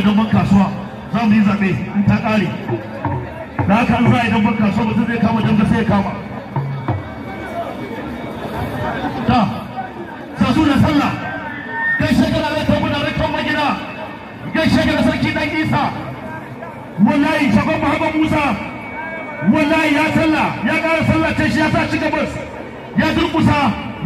da damban kasuwa za mu yi zaɓe in ta ƙare da haka an za a yi damban kasuwa mutum zai kama dambe sai ya kama ta sa da sallah gaishe ga lalata muna rikon magina gaishe ga sarki dan isa wallahi shagon mahaba musa wallahi ya sallah ya ƙara sallah ce shi ya sa cika bas ya durkusa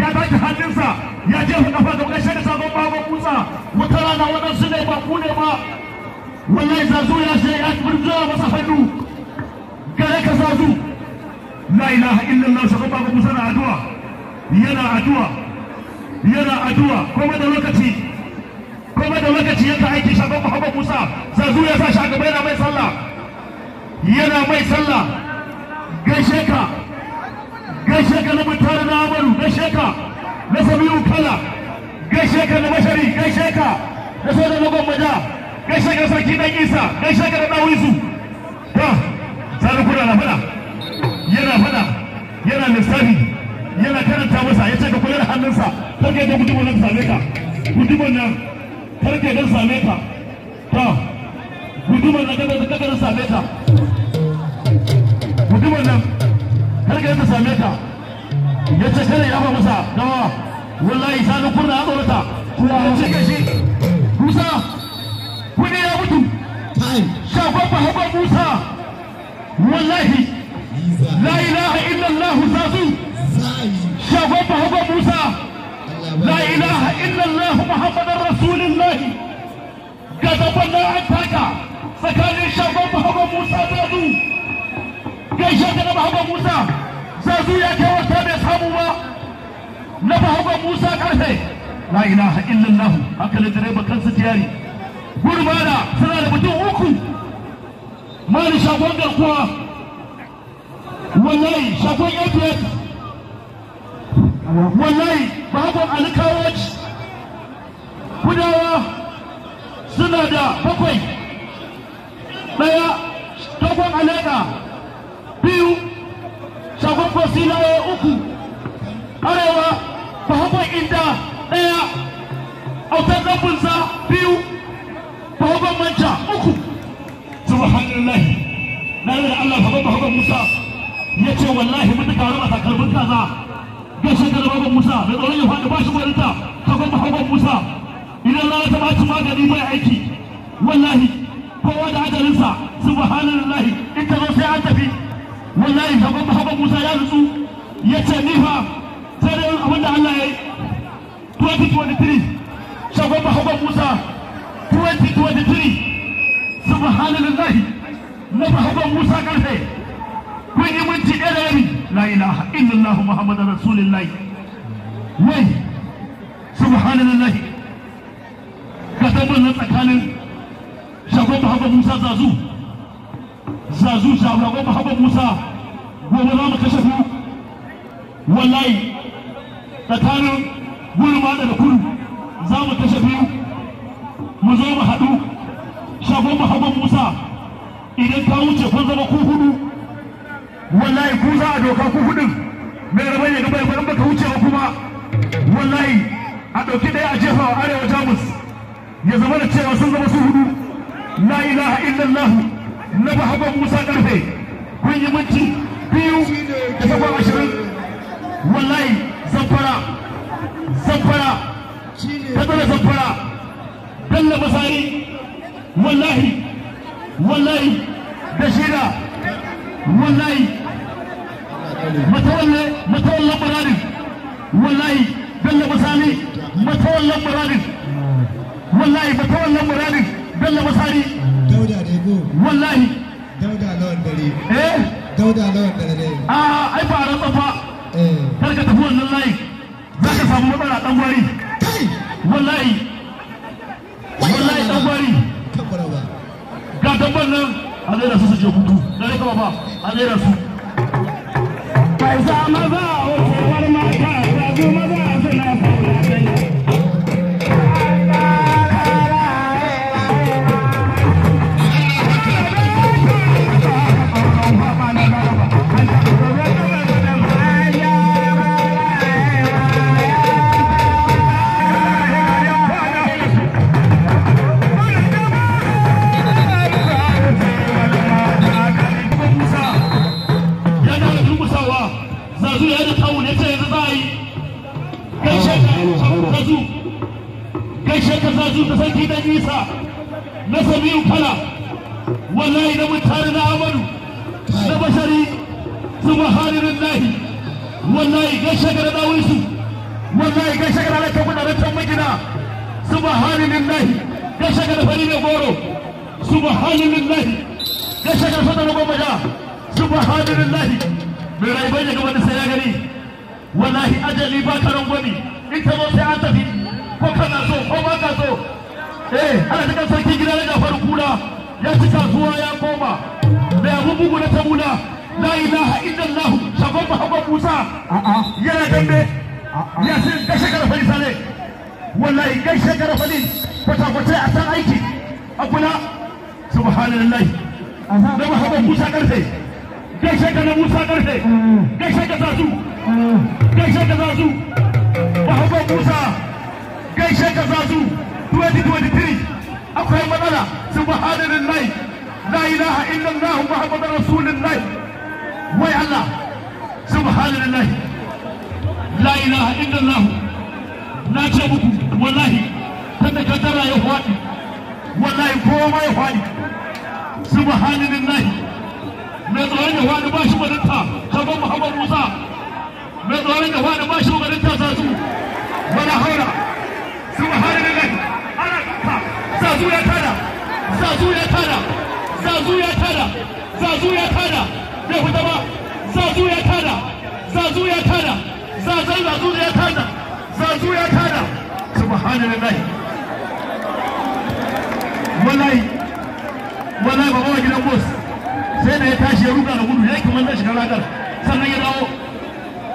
ya tashi hannunsa ya jefa kafa ga gaishe da shagon mahaba musa wata rana waɗansu ne ba ku ne ba wallahi zazu ya ce ya murza masa hannu gare ka zazu la ilaha illallah sai baba musa na addu'a yana addu'a yana addu'a kuma da lokaci kuma da lokaci yadda aiki shagon muhammad musa zazu ya sa shi a gaba yana mai sallah yana mai sallah gaishe ka na mutane na na kala gaishe ka na bashari gaishe ka na gaishe ga sarki dan isa gaishe ga dan wisu to sani na fada yana fada yana lissafi yana karanta masa yace ce ka kula da hannunsa karke da gudubon nan same ka gudubon nan karke don same ka to gudubon nan kada kada don same ka gudubon nan karke don same ka ya ce kada ya fa masa dawa wallahi sani kuna ya tsorata kuma ya ce ka shi baba haba musa wallahi la ilaha illallah zazu shagwaba haba musa la ilaha illallah muhammadar rasulullah ga zaban an taka tsakanin shagwaba haba musa zazu gaishe ka na haba musa zazu ya kai wata bai samu ba na haba musa karfe la ilaha illallah haka da direba kansa tiyari gurmana suna da mutum uku mali shagon garkuwa wallahi shagon apf wallahi bakon alkawaj kudawa suna da bakwai ɗaya dogon alaƙa biyu shagon fasilawa uku arewa bakon inda ɗaya autar zafinsa biyu Allah baban Musa ya ce wallahi mun ka raba takalmin kaza gashi da baban Musa da tsoron ya faɗi ba shi gwaninta baban Musa idan rana ta magani mai aiki wallahi kowa da ajalinsa subhanallahi in ta zo sai an tafi wallahi baban baban Musa ya nutsu ya ce ni fa sai Allah ya yi 2023 shagon baban Musa 2023 mafahaban musa karfe kun yi minti ɗaya da rabi la ilaha illallah muhammadan rasulullahi wai subhanallahi ka tabbata tsakanin shagon mahaban musa zazu zazu shagon mahaban musa gobe za mu kashe su wallahi tsakanin gulma da da kudu za mu kashe biyu mu zo mu haɗu shagon mahaban musa idan ta wuce kun zama ku hudu wallahi ku za a doka ku hudun mai raba ne gaba ya baka wuce ba kuma wallahi a ɗauki ɗaya a jefa wa arewa jamus ya zama da cewa sun zama su hudu la ilaha illallah na bahagon musa karfe kun yi minti biyu da takwas ashirin wallahi zamfara zamfara ta zamfara dalla masari wallahi wallahi da wallahi matawalle matawallan muradin wallahi bello masani matawallan wallahi matawallan muradin bello masani dauda dego dare eh dauda lawan dare a ah, ai ba ran tsafa eh. ka tafi wannan layi zaka samu wallahi wallahi dan ga tambar nan a zai da su su je kudu da rika ba a zai da su bai sa maza yanzu ya da kawo ne ta yanzu za a yi gaishe ka zazu gaishe ka zazu da sarki dan isa na sabiyu kala wallahi da mutare na amadu na bashari magina goro subhanallahi gaishe da mai rai bai daga wani sai ya gani wallahi ajali ba ka rangwami in ka zo sai an tafi ko kana so ko ba ka so eh ana cikin sarki gida na gafar kura ya ci kasuwa ya koma mai abu bugu na tabula la ilaha illallah shagon muhammad musa yana dambe ya sai gashe karfani sale wallahi gaishe karfani kwata-kwata a san aiki a kula subhanallah da muhammad musa karfe gaishe ka na musa karfe gaishe ka zazu gaishe ka zazu bahago musa gaishe ka zazu 2023 akwai matsala subhanallahi la ilaha illallah muhammadar rasulullahi wai allah subhanallahi la ilaha illallah na ce muku wallahi tanda ka tara ya faɗi wallahi koma ya faɗi subhanallahi mai tsoron gaba da bashi gwaninta kamar muhammad musa mai tsoron gaba da shi gwaninta za su wala haura su ba hari da ana zazu ya tada zazu ya tada zazu ya tada zazu ya tada bai fita ba zazu ya tada zazu ya tada zazan zazu ya tada zazu ya tada subhanallahi wallahi wallahi baba gidan boss sai da ya tashi ya ruga da gudu ya yi kamar zai shiga ragar sannan ya dawo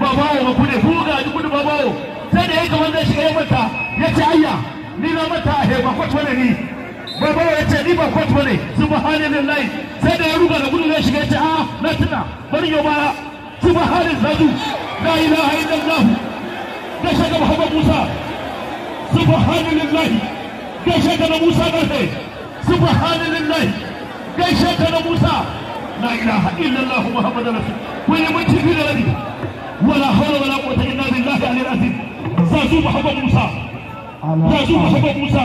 babawo ma kude buga ji gudu babawo sai da ya kamar zai shiga ya mata ya ce ayya ni na mata he eh, ba kwat bane ni babawo ya ce ni ba ba ne kwat bane subhanallahi sai da ya ruga da gudu zai shiga ya ce a ah, na tuna bari ya baya subhanallahi la ilaha illallah da shaka muhammad musa subhanallahi da shaka musa ba karfe lai gaishe ta na Musa la ilaha illallah muhammadur rasul ku yi mun tafi da rabi wala hawla wala quwwata illa billahi alil azim za Zazu muhammad musa za su muhammad musa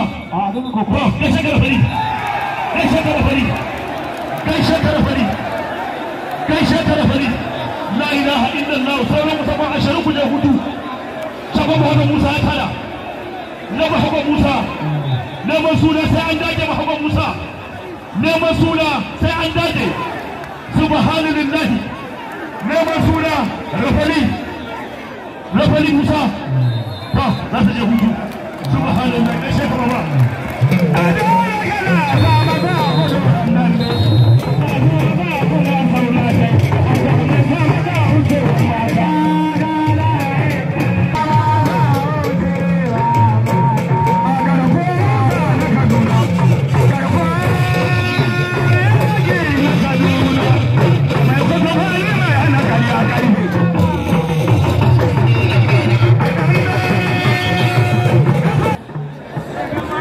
ya shekara fari ya shekara fari kai shekara fari kai shekara fari la ilaha illallah sauran musamman ashirin ku je hudu. sabon muhammad musa ya tada na muhammad musa neman suna sai an dace. muhammad musa neman suna sai an dace. subhanallahi ne suna rafali rafali musa ba za ta je hutu subhanallahi sai kuma ba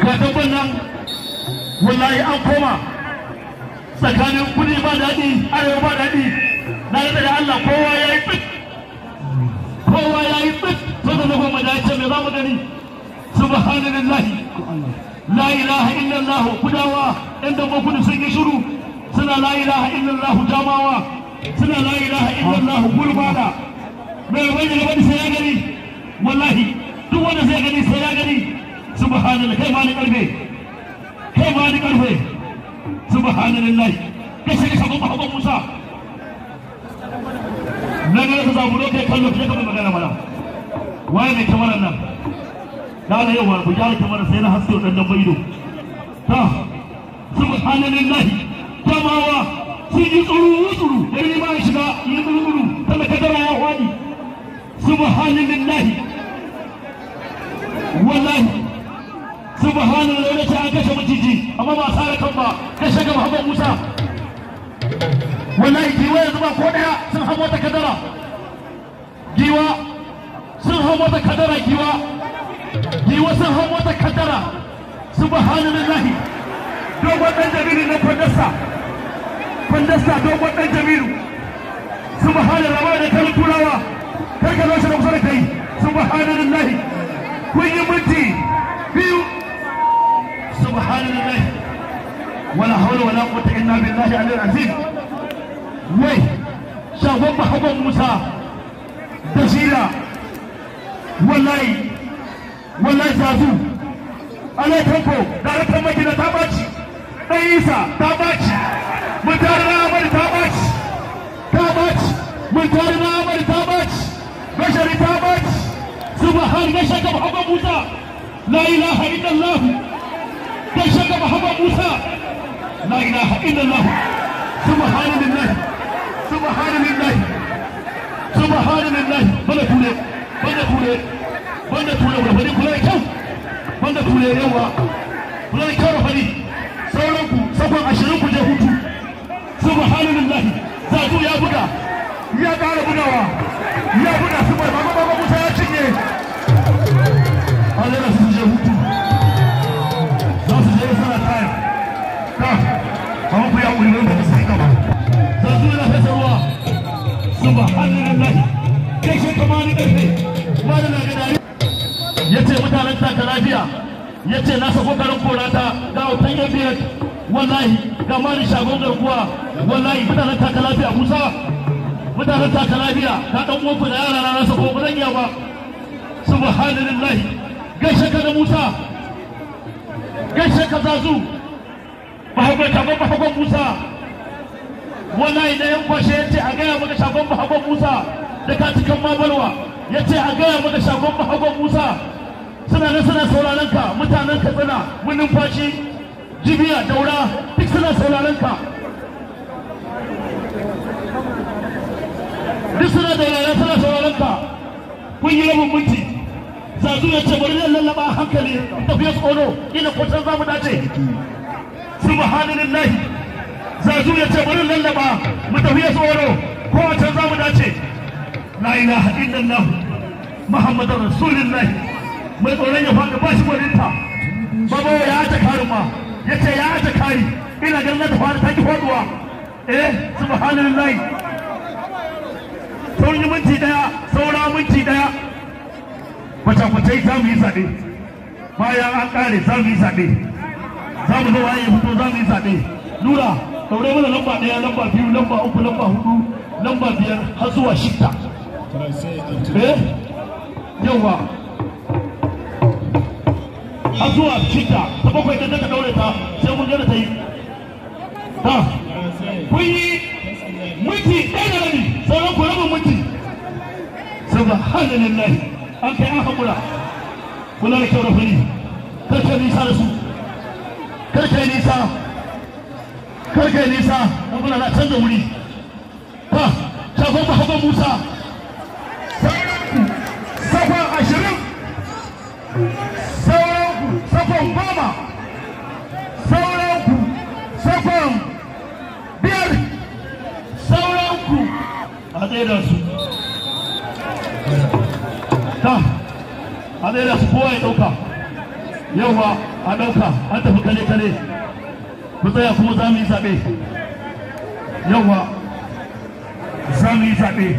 katagun nan wallahi an koma tsakanin kudi ba daɗi arewa ba daɗi na rada da Allah kowa ya yi fit kowa ya yi fit to da zama mu dace me za mu gani subhanallahi la ilaha illallah kudawa ɗan da kudu sun yi shiru suna la ilaha illallah jamawa suna la ilaha illallah gurbada mai wani wani sai ya gani wallahi duk wanda sai ya gani sai ya gani subhanallah kai ma ni karfe kai ma ni karfe subhanallah kai sai ka goma hawa Musa na ga ka zamu kai kallo kai magana mana waye mai kamarar nan da da yawa ku jara kamar sai na haske dan dabba ido ta subhanallah jamawa sun yi tsuru da ni ma shiga yi tsuru tsuru kada ka subhanallah ne ce an kashe maciji amma ba sare kan ba kashe ga Muhammad Musa wallahi giwa yanzu ba ko daya sun hamo ta kadara giwa sun hamo ta kadara giwa giwa sun hamo ta kadara subhanallah dogon dan jamilu na kwandasta kwandasta dogon dan jamilu subhanallah da da kan turawa kar ka zo shi da kusa da kai subhanallah kun yi minti biyu سبحان الله ولا حول ولا قوة إلا بالله العلي العظيم وي شافوا محمد موسى بشيرا ولاي ولاي زازو ألا تنكو دارت المدينة تاباتش نيسا تاباتش مدار الأمر تاباتش تاباتش مدار الأمر تاباتش بشر تاباتش سبحان الله محمد موسى لا إله إلا الله don ka muhammad musa la ilaha illallah subhanallahi subhanallahi subhanallahi bada ture bada ture banda ture da fari kula kyau banda ture yawa kula kyau da fari sauran ku sakon ashirin ku je hutu subhanallahi zato ya buga ya ƙara bugawa ya buga su mai baba baba musa ya cinye musulmai ba su haka ba za su yana fasa subhanallah ba da na ya ce mutanen ya ce na sako korata ga wallahi ga mari shagon garkuwa wallahi lafiya mutanen ka yara na nasa ko zan ba gaishe ka da musa gaishe ka zazu bahagon shagon bahagon musa wallahi da yan kwashe ya ce a gaya maka shagon bahagon musa da ka cikin mabalwa ya ce a gaya maka shagon bahagon musa suna nan suna sauraron ka mutanen katsina mun numfashi jibiya daura duk suna sauraron ka duk suna da yaya suna sauraron ka kun yi rabin minti zazu ya ce bari zan lallaba hankali tafiya tsoro ina kwatar za mu dace subhanallahi zazu ya ce bari lallaba mu tafi ya tsoro ko can za mu dace la ilaha illallah muhammadar rasulullahi mai tsoron ya faɗi ba shi gwaninta baba ya ta kari ma ya ce ya ta kari ina ganin ta fara ta ki faɗuwa eh subhanallahi sauran minti daya saura minti daya kwace-kwace za mu yi zaɓe bayan an ƙare za mu yi zaɓe za mu ga waye fito za mu yi zaɓe nura daure mana lamba ɗaya lamba biyu lamba uku lamba hudu lamba biyar har zuwa shida eh yawa har zuwa shida ta bakwai da daga daure ta sai mun gane ta yi ta kun yi minti ɗaya da rabi sauran ku rabin minti subhanallahi an kai an haƙura kula da kyau da fari kar ka nisa da su karkai nisa karkai nisa don kuna na canza wuri ta shagon mahaba musa sakon ashirin sauranku sakon goma sauranku sakon biyar sauranku a tsaye da su ta a tsaye da su kowa ya ɗauka yawa a ɗauka an tafi kare kare mu tsaya kuma za mu yi zaɓe yawa za mu yi zaɓe